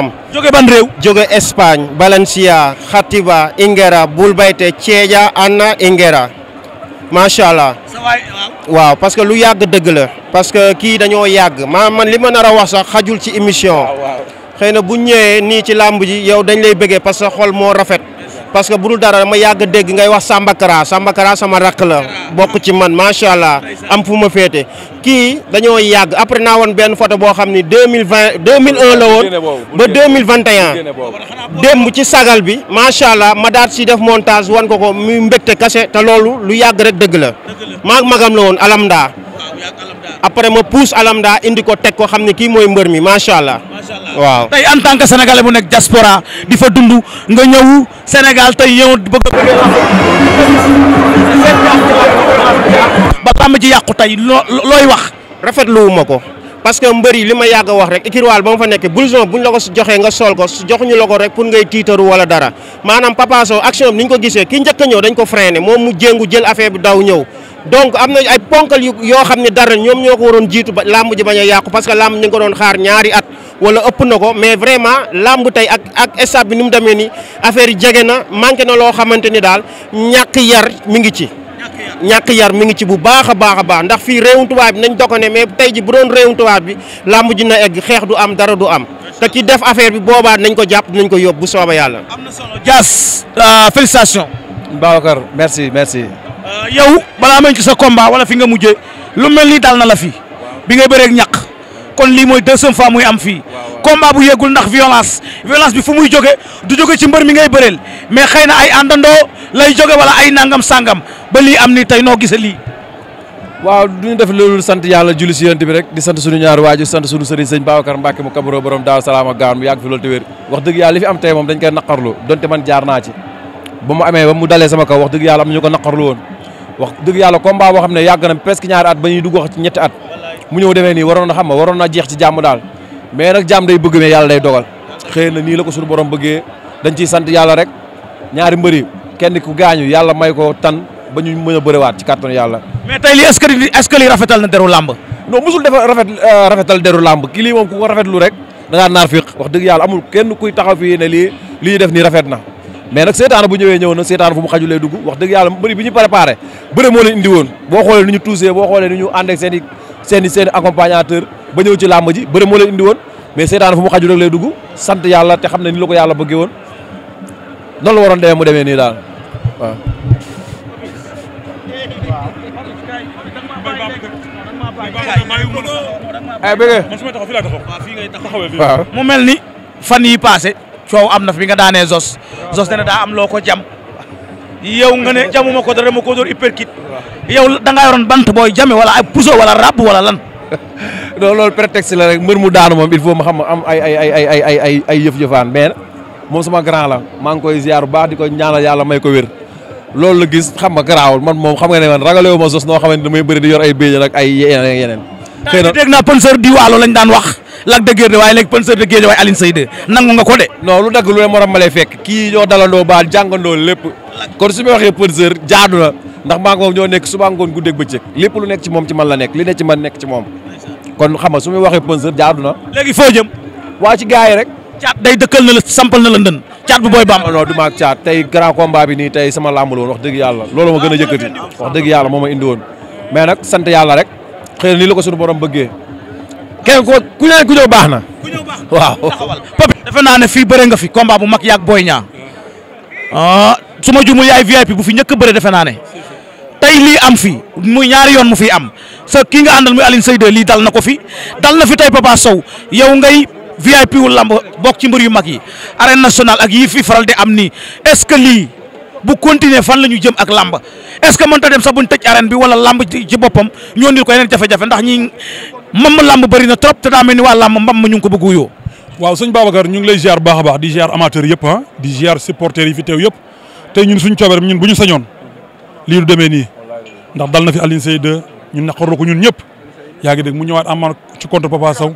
am jóge ban réew jóge Espagne Valencia Xatiba Ingera Bulbayte Ceeja Anna Ingera macha allah waaw parce que lu yàgg dëgg la parce que kii dañoo yàgg maa man li mën nar a wax sax xajul ci émission xëy na bu ñëwee nii ci làmb ji yow dañ lay bëggee parce que xol moo rafet parce que bu dul dara ma yàgg dégg ngay wax Samba Kara Samba Kara sama rakk la bokk ci man macha allah am fu ma féete kii dañoo yàgg après naa woon benn photo boo xam ni deux mille vingt deux mille un la woon ba deux mille vingt et un démb ci sagal bi macha allah ma si def montage wan ko ko muy mbégte kase te loolu lu yàgg rek dëgg la maa magam la woon alamdaa après ma pousse alamda indi ko teg ko xam ne kii mooy mbër mi macha allah. waaw tey en tant que sénégalais bu nekk diaspora di fa dund nga ñëw Sénégal tey yow bëgg ba làmb ji yàqu tey loo looy wax. rafetluwuma ko. parce que mbër yi li ma yàgg a wax rek ikirwaal ba ma fa nekk blouson buñ la ko joxee nga sol ko joxuñu la ko rek pour ngay tiitaru wala dara maanaam Papa Sow action bi ni ñu ko gisee ki njëkk ñëw dañ ko freiné moom mu jéngu jël affaire bi daw ñëw. donc am na ay ponkal yoo xam ne dara ñoom ñoo ko waroon jiitu ba làmb ji bañ a yàqu parce que làmb ñu ngi ko doon xaar ñaari at wala ëpp na ko mais vraiment làmb tey ak ak stade bi ni mu demee nii affaire yi jege na manqué na loo xamante ni daal ñàkk yar mu ngi ci. ñàkk yar mi ngi ci bu baax a baax a baax ndax fii réewum tubaab bi nañ ne mais tey ji bu doon réewum tubaab bi làmb ji na egg xeex du am dara du am te ki def affaire bi boobaa nañ ko jàpp nañ ko yóbbu bu soobee yàlla. am na solo Dias. Euh, félicitations. Babacar merci merci. Euh, yow balaa mañ ci sa combat wala fi nga mujjee lu mel nii daal na la fi bi ngay bëreeg ñàq kon lii mooy deuxième fois muy am fii combat bu yeggul ndax violence violence bi fu muy jóge du jóge ci mbër mi ngay bëreel mais xëy na ay àndandoo lay jóge wala ay nangam sangam ba lii am ni tey noo gisee lii. waaw du ñu def loolu sant yàlla julli si yonent bi rek di sant suñu ñaar waaju sant suñu sëriñ sëñ Babacar Mbacke mu kabaroo borom daaw salaama gaan mu wax dëgg yàlla li fi am tey moom dañ koy naqarlu jaar naa ci ba mu amee ba mu dalee sama kaw wax dëgg yàlla am na ñu wax dëgg yàlla combat boo xam ne yàgg na presque ñaari at ba ñuy dugg wax ci ñetti at mu ñëw demee nii waroon na xam ma waroon na jeex ci jàmm daal mais nag jàmm day bëgg mais yàlla day dogal na nii la ko suñu borom bëggee dañ ciy sant yàlla rek ñaari mbëri kenn ku gaañu yàlla may ko tan ba ñu mën a waat ci kàttanu yàlla. mais tey lii est-ce que est-ce lii rafetal na deru làmb. non mosul dafa euh, rafetal deru làmb kii lii moom ku ko rafetlu rek da ngaa naar fiq wax dëgg yàlla amul kenn kuy taxaw fii ne lii lii def nii rafet na mais nag seetaan bu ñëwee ñëw na seetaan fu mu xaju lay dugg wax dëgg yàlla bëri bi ñu préparé bëri moo leen indi woon boo xoolee ni ñu tuusee boo xoolee ni ñu ànd ak seen seen i seen i accompagnateur ba ñëw ci làmb ji moo leen indi mais seetaan fu mu xaju rek lay dugg sant yàlla te xam ne ni la ko yàlla bëggee woon noonu la waroon demee mu demee nii daal waaw eh, mu mel ni fan yi passé coow am na fi bi nga daanee Zos. Zos ne na daa am loo ko jam. yow nga ne jamuma ko dara ma ko door uppercut. yow da ngaa yoroon bant booy jame wala ay puso wala rab wala lan. non loolu prétexte la rek mbër mu daanu moom il faut ma xam am ay ay ay ay ay ay ay yëf-yëfaan mais moom sama grand la maa ngi koy jaar bu baax di ko ñaanal yàlla may ko wér. loolu la gis xam nga garaawul man moom xam nga ne man ragalewu ma Zos noo xamante ne damay bëri di yor ay béy ak ay yeneen. xëy na dégg naa di waalo lañ daan wax Lac de Guiers waaye léegi penseur de Guiers waaye Alioune Seye 2 nangu nga ko de. non lu dagg lu ne morom ma lay fekk kii ñoo dalandoo baal jàngandoo lépp kon su ma waxee penseur jaadu na ndax maa ngi moom ñoo nekk suba ngoon guddeeg bëccëg lépp lu nekk ci moom ci man la nekk li ne ci man nekk ci moom kon xam nga su ma waxee penseur jaadu na. léegi foo jëm. waa ci gars yi rek. caat day dëkkal na la sampal na la ndën caat bu booy baam non du maag caat tey grand nii tey sama làmbul woon wax dëgg yàlla loolu ma gën a yëkkati wax dëgg yàlla moo ma indi mais nag sant yàlla rek xëy na nii la ko suñu borom bëggee. kenn ku ku ñëw ku ñëw baax na. waaw. Papy defe naa ne fii bëre nga fi combat bu mag yaag booy Niang ah su ma jumul yaay VIP bu fi njëkk a bëre defe naa ne. tey lii am fi muy ñaari yoon mu fi am sa kii nga àndal muy Alioune Seye lii dal na ko fi dal na fi tey Papa Sow yow ngay VIP wu lamb bokk ci mbër yu mag yi. arène nationale ak yi fi faral di am nii est lii. bu continuer fan la ñu jëm ak làmb est-ce que mënta dem sax buñ tëj arène bi wala làmb ci boppam ñoo ndil ko yeneen jafe-jafe ndax ñi mam làmb bëri na trop te daa mel ni waa mbam ma ñu ngi ko bëgg wuyoo waaw sëñ Babacar ñu ngi lay ziar baax a baax di ziar amateur yëpp ah di ziar supporters yi yëpp tey suñ coobere ñun bu ñu sañoon lii du demee nii ndax dal na fi Alioune Seye 2 ñun naqarlu ko ñun ñëpp yaa ngi dégg mu ñëwaat amaan ci contre Papa Sow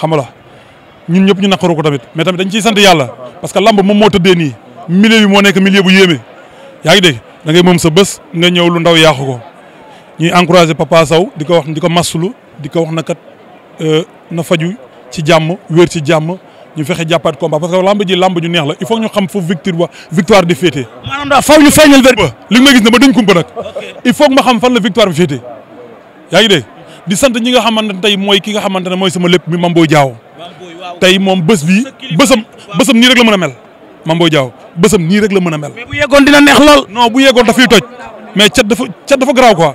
xam nga la ñun ñëpp ñu naqaru ko tamit mais tamit ciy sant yàlla parce que lamb moom moo tëddee nii milieu moo nekk milieu bu yéeme yaa ngi dégg da ngay moom sa bës nga ñëw lu ndaw yaaxu ko ñuy encouragé Papa Sow di ko wax di ko maslu di ko wax na kat euh, na faju ci jàmm wér ci jàmm ñu fexe jàppaat combat parce que lamb ji lamb ju neex la il faut ñu xam foofu victoire ba victoire di féete. maanaam li ma gis ne ma dañ kumpa nag. il faut ma xam fan la victoire bi féete. yaa ngi dégg di sant ñi nga xamante tey mooy ki nga xamante ne mooy sama lépp mi Mambo Diaw. tey moom bés bi bésam bësëm nii rek mën a mel. Mame Boye Diao bésam nii rek la mën a mel. mais bu yeggoon dina neex lool. non bu yeggoon dafay toj mais cat dafa cat dafa garaaw quoi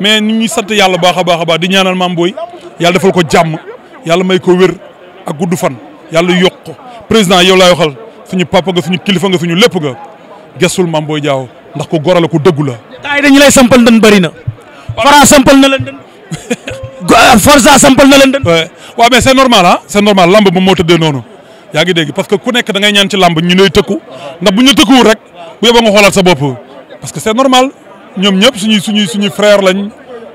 mais ni ñi sant yàlla baax a baax a baax di ñaanal Mame Boye yàlla defal ko jàmm yàlla may ko wér ak gudd fan yàlla yokk président yow laay waxal suñu papa nga suñu kilifa nga suñu lépp nga gesul Mame Boye Diao ndax ko gor la ko dëggu la. gars yi dañu lay sampal ndën bëri na. Fara sampal na leen dën. Forza sampal na leen dën. waaw mais c'est normal ah c'est normal lamb ma moo tëddee noonu yaa ngi dégg parce que ku nekk da ngay ñaan ci làmb ñu lay tëkku ndax bu ñu tëkkuwul rek bu yóbboo nga xoolaat sa bopp parce que c'est normal ñoom ñëpp suñuy suñuy suñuy lañ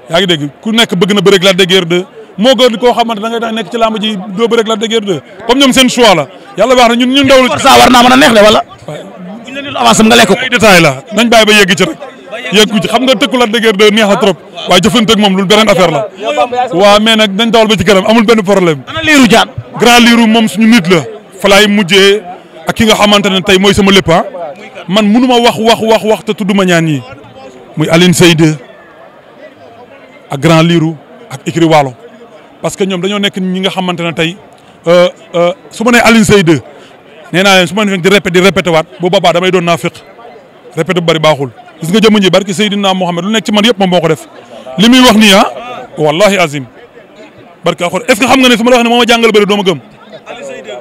yaa ngi dégg ku nekk bëgg na bëreeg Lac de Guiers moo gën koo xam da ngay nekk ci làmb ji doo bëreeg Lac de Guiers 2 comme ñoom seen choix la yàlla baax na ñun ñun ndaw war naa mën a neex de wala buñ la lekk ko ay la nañ bàyyi ba yegg ci rek yeggu ci xam nga tëkku na trop ah. waaye jëfanteeg moom loolu beneen affaire la waaw mais nag dañ dawal ba ci kanam amul fa laay mujjee ak ki nga xamante ne tey mooy sama lépp ah. man munu ma wax wax wax wax te tudduma ñaan yi muy Aline Seyde ak Grand Lirou ak Ikri Waalo parce que ñoom dañoo nekk ñi nga xamante ne tey euh, euh, su ma nee Aline Seyde nee naa leen su ma nee di répété di répété waat bu boobaa damay doon naa féq répété bu bari baaxul gis nga jëmm ji barki Seydina Mohamed lu nekk ci man yëpp moom moo ko def li wax nii ah wallahi azim barki axor est que xam nga ne su ma la wax moo jàngal bëri doo ma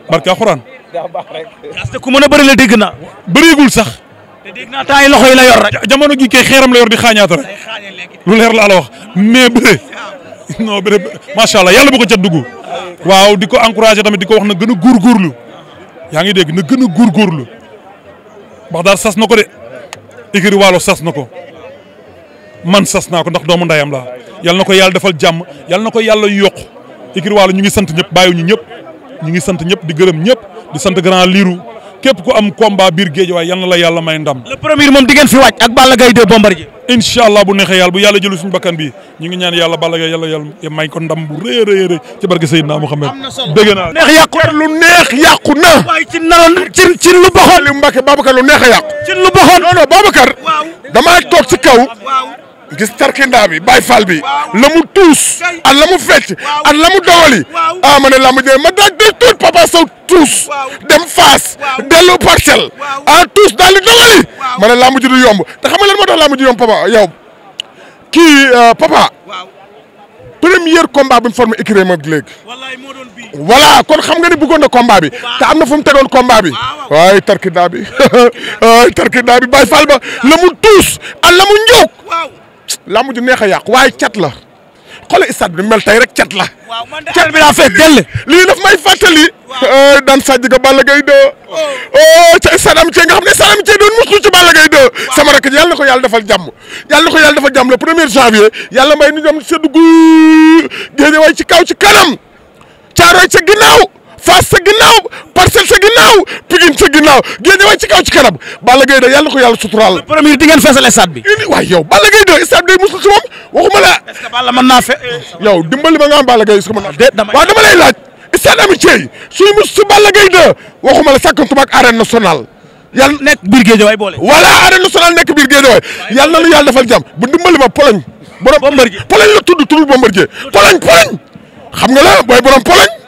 barke a parce que ku mën a bëri la dégg naa. bëreegul sax. te dégg yi loxo yi la yor rek. jamono gi kay xeeram la yor di xaañaata rek lu leer la ala wax mais bëre non bëre macha allah yàlla bu ko cat dugg. waaw di ko encouragé tamit di ko wax na gën a góorgóorlu. yaa ngi dégg na gën a góorgóorlu. wax daal sas na ko de. Ikiri Waalo sas na ko. man sas naa ko ndax doomu ndayam laa yal na ko yàlla defal jàmm yalla na ko yàlla yokk Ikiri Waalo ñu ngi sant ñëpp bàyyiwuñu ñëpp. ñu ngi sant ñëpp di gërëm ñëpp di sant grand liiru képp ku am combat biir géej waaye yan la yàlla may ndam. le moom di ngeen fi wàcc ak Balla Gaye 2 Bombardier. incha allah bu neexee yàlla bu yàlla jëlu suñu bakkan bi ñu ngi ñaan yàlla Balla Gaye yàlla yàlla may ko ndam bu rëy rëy rëy ci barke Seydina Muhammad. am na solo naa neex yàqu lu neex yàqu na. waaye lu boxoon. li lu neex a yàqu. ci lu boxoon non damaa toog ci kaw. gis tarkindaa bi Baye Fall bi la mu tuus ak la mu fecc ak la mu dowali ah ma ne laa ma jëlee ma daaj di tuut Papa Sow tuus dem Faas dellu parcelle ah tuus daal di dowali ma ne laa ma ji du yomb te xam nga lan moo tax laa ma yomb papa yow kii euh, papa premier combat bi mu formé écurie ma léegi kon xam nga ni bëggoon na combat bi te na fu mu tegoon combat bi waaye tarkindaa bi bi Baye Fall ba la tuus ak la mu lamb ju neex a yàq waaye cat la xoolal stade bi mel tey rek cat la. waaw man de cat bi daa fekk dell. lii daf may fàttali. waaw eh, daan Sadji ga Balla Gaye 2. oh ca Sadam Thié nga xam ne Sadam Thié doon muslu ci Balla Gaye 2. sama rakk yàlla na ko yàlla defal jàmm. yàlla na ko yàlla defal jàmm le premier janvier yàlla may nu ñoom seddu gu géej way ci kaw ci kanam caaroy ca ginnaaw faas sa ginnaaw parcelle sa ginnaaw. Siteu ci ginnaaw génne way ci kaw ci kanam Balla Gaye de yàlla ko yàlla suturaal. le premier di ngeen feesal bi. waay yow Balla Gaye de stade si moom Balla mën naa fe. yow dimbali ma nga am Balla Gaye est ce que mën naa. déet dama waaw dama lay laaj. stade amitié yi suñu mus si Balla Gaye de waxuma la sàkkantuma ak arène nationale. yàlla nekk biir géejawaay boole. voilà na lu yàlla defal jàmm bu dimbali ma Pologne. borom Bombardier Pologne la tudd tudd Bombardier Pologne Pologne xam nga la booy borom Pologne.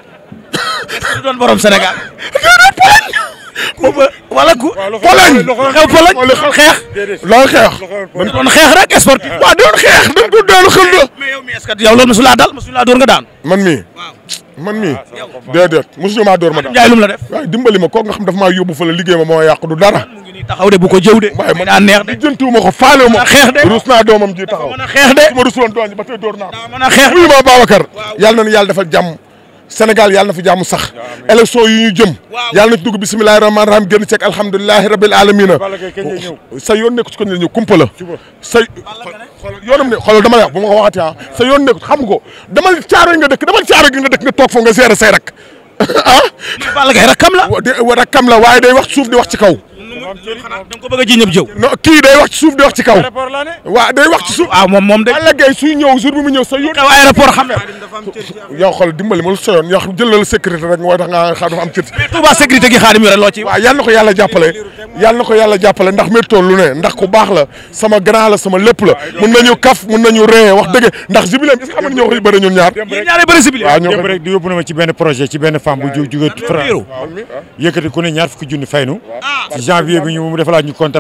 doon borom Sénégal. doon Pologne. booba wala ku. Pologne xew Pologne xeex. loolu xeex dañ doon xeex rek sportif. waaw doon xeex dañ ko doon xel la. mais yow mi est-ce que yow loolu mosu laa dal mosu laa daan. man mii man mii ah, déedéet mosuñu maa door ma daan. Ndiaye lu mu dimbali ma kooku nga xam dafa maa yóbbu fa la liggéey ma moo yàq du dara. taxaw de bu ko jëw de. waaye man jëntuwuma ko faalewu ma. xeex de rus naa doomam ji taxaw. a xeex de su ma rusuloon doon ba tey door naa ko. daa mën xeex de wuyu ma Babacar. yàlla na nu yàlla dafa jàmm Sénégal yàlla na fi jaamu sax élection yi ñu jëm yàlla na ci dugg bisimilahi rahmaani rahim génn ceeg alhamdulilahi rabil alamina sa yoon nekku ci ko ne ñëw kumpa la sa yoonam ne xoolal dama la bu ma ko waxati ah sa yoon nekku xam ko dama caaro nga dëkk dama caaro gi nga dëkk nga toog foofu nga seere say rak ah Balla Gaye la waaye day wax suuf di wax ci kaw danga ko bëgg a ji ñëpp jëw non kii day wax ci suuf day wax ci kaw waaw day wax ci suuf ah, waaw dimbali ma lu soyoon yoo xam jëlal sécurité rek nga xam am cër Touba sécurité gi xaadim yore loo ci waaw yal na ko lu ne ndax ku baax la sama grand la sama lépp la mun nañu kaf mun nañu ree wax dëgg ndax jubileem est-ce que am ñoo ñaar di yóbbu na ma ci benn projet ci benn femme bu jóge France yëkkati ku ne ñaar fukki junni faynu ah. ci janvier bi ñu ba jox moo ko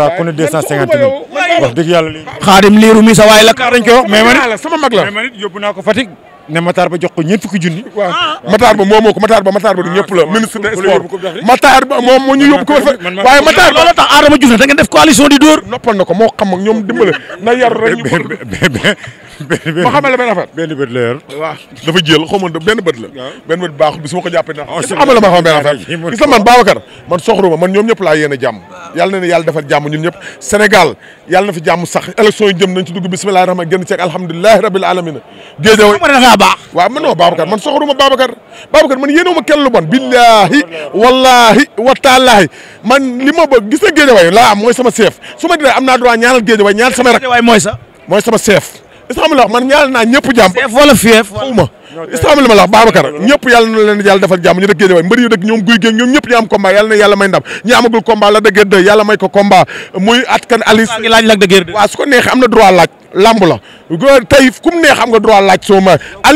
Matar ba ba du ñëpp la ministre des sports Matar ba moom moo ko moo xam ak ñoom dimbale na yar ñu ma dafa jël xaw benn bët la benn bët baaxul bi su ko jàppee na la ma xamal benn affaire gis la man Babacar man soxru man ñoom ñëpp laa yéene jàmm yàlla ne ne yàlla defal jàmm ñun ñëpp Sénégal yàlla na fi jàmm sax élection yi jëm nañ ci dugg bismillahi rahmaan génn ceeg alhamdulilahi rabil alamina géejëw waaw man non Babacar man soxoruma Babacar Babacar man yéenewuma kenn lu bon billaahi wallaahi wataalaahi man li ma bëgg gis na géejëway laa am mooy sama chef su ma dina am naa droit ñaanal géejëway ñaanal sama rak mooy sama chef is xam la man ñaanal naa ñëpp jàmm wala fief xawma islaam li ma la wax Babacar ñëpp yàlla na leen yàlla defal jàmm ñu dëkk Géejawaay mbëri yu dëkk ñoom guy géeg ñoom am na yàlla may ndam ñi la dëgg de yàlla may ko la tey neex am nga droit laaj ka ma la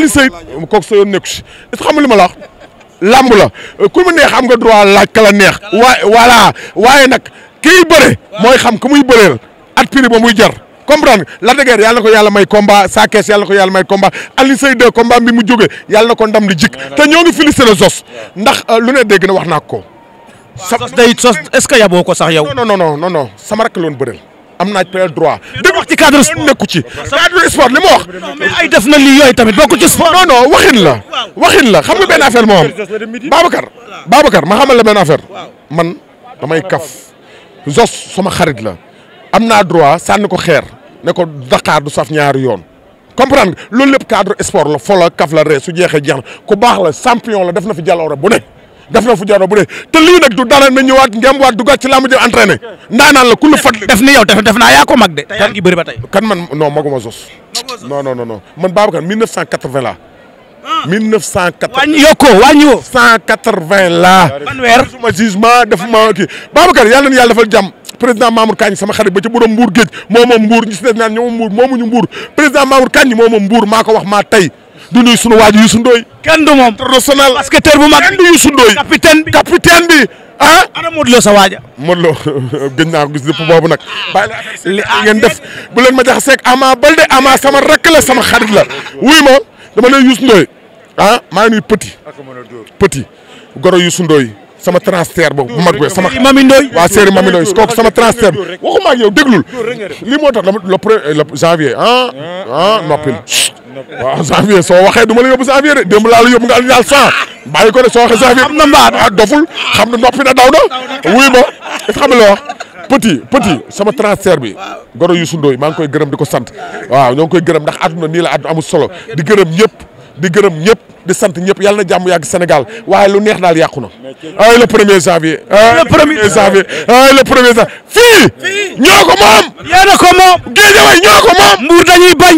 neex waaye nga waaye nag kiy bëre mooy xam ku muy bëreel at prix ba muy jar comprendre Lac de Guiers yàlla ko yàlla may combat Sa Thiès yàlla ko yàlla may combat Alioune Seye 2 combat mu jógee yàlla na ko ndam li jik te ñoo ngi félicité Zos ndax euh, lu ne dégg na wax naa ko. Zos day Zos est-ce que ko sax yow. non non non non non sama rakk loon bëreel am naa période droit. dégg wax ci cadre sport nekku ci. cadre sport li ma wax. ay def la lii yooyu tamit bokk ci sport. non non waxin la waxin la xam nga benn affaire moo am Babacar. Babacar ma xamal la benn affaire man damay kaf Zos sama xarit la am naa droit sànni ko xeer. ne ko Dakar du saf ñaari yoon comprendre nga loolu lépp cadre sport la fo kaf la ree su jeexee jeex na ku baax la champion la def na fi jaloore bu ne def na fi jaloore bu ne te lii nag du dara na ñëwaat ngem waat dugaat ci làmb ji entraîné ndaanaan la ku lu fat def ni yaa ko mag de te yaa ngi bëri ba tey kan man non maguma sos non la 1980 ah. wàññi yokkoo wàññi woo 180 la man weer suma jugement def ma kii Babacar yàlla na yàlla président Mamour Kagne sama xarit ba ci borom mbuur géej moo moom mbuur ñu si ne naan ñoom mbuur président Mamour Kagne moo moom mbuur maa ko wax maa tey du nuyu sunu waaju Youssou Ndoye kenn du moom international parce que teer bu mag kenn ah? sa waaja. Modou Lo gëj naa ko gis lépp boobu nag. bàyyi li ngeen ah, def leen ma jaxasee ak Ama Balde Ama sama rakk la sama xarit la wuy ma dama ne Youssou Ndoye ah maa ngi nuyu petit petit goro Youssou Ndoye sama transfert boobu bu mag bi sama. Mamy Ndoye waaw Serigne Mamy Ndoye kooku sama transfert waxuma ak yow déglul lii moo tax dama le premier janvier ah, ah, ah, ah noppil. waaw soo waxee du ma la yóbbu janvier de démb laa la yóbbu nga andi daal cent ko de soo waxee janvier am na mbaa doful xam na noppi na daw na wuy ma xam nga la wax petit sama transfert bi goro Youssou Ndoye maa ngi koy gërëm di ko sant waaw ñoo ngi koy gërëm ndax àdduna nii la àdduna amul solo di gërëm ñëpp. di gërëm ñëpp di sant ñëpp yàlla na jàmm yàgg Sénégal waaye lu neex daal yàqu na. ay le premier janvier. le premier janvier ay le premier janvier fii. ñoo ko moom. yéen a ko moom. Guédiawaye ñoo ko moom. Mbour dañuy bañ.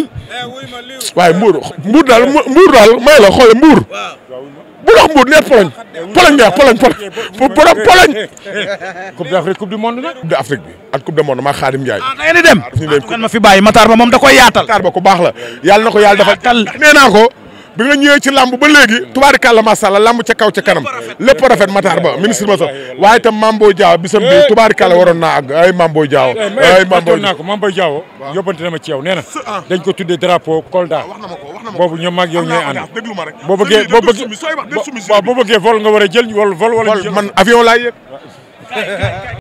waaye Mbour Mbour daal Mbour daal may la xoole Mbour. bu dox Mbour nee Pologne. Pologne nga Pologne Pologne Pologne. coupe d'Afrique coupe du monde nag. coupe d'Afrique bi ak coupe du monde maa Xaadim Njaay. ah dem. fi bàyyi Matar ba moom da koy yaatal. Matar ko yàlla defal bi nga ñëwee ci làmb ba léegi tubaarikàlla masàlla làmb ca kaw ca kanam lépp rafet Matar Ba ministre ma sax waaye ta Mambo Diaw bisam bi eh, tubaarikàlla waroon naa àgg ay Mambo Diaw eh, ay Mambo naa ko Mambo Diaw yóbbante na ma ci yow nee ah. ko tuddee drapeau Kolda ah, boobu ñoom maag yow ñooy ànd boo bëggee boo boo bëggee vol nga war a jël wala vol wala man avion laay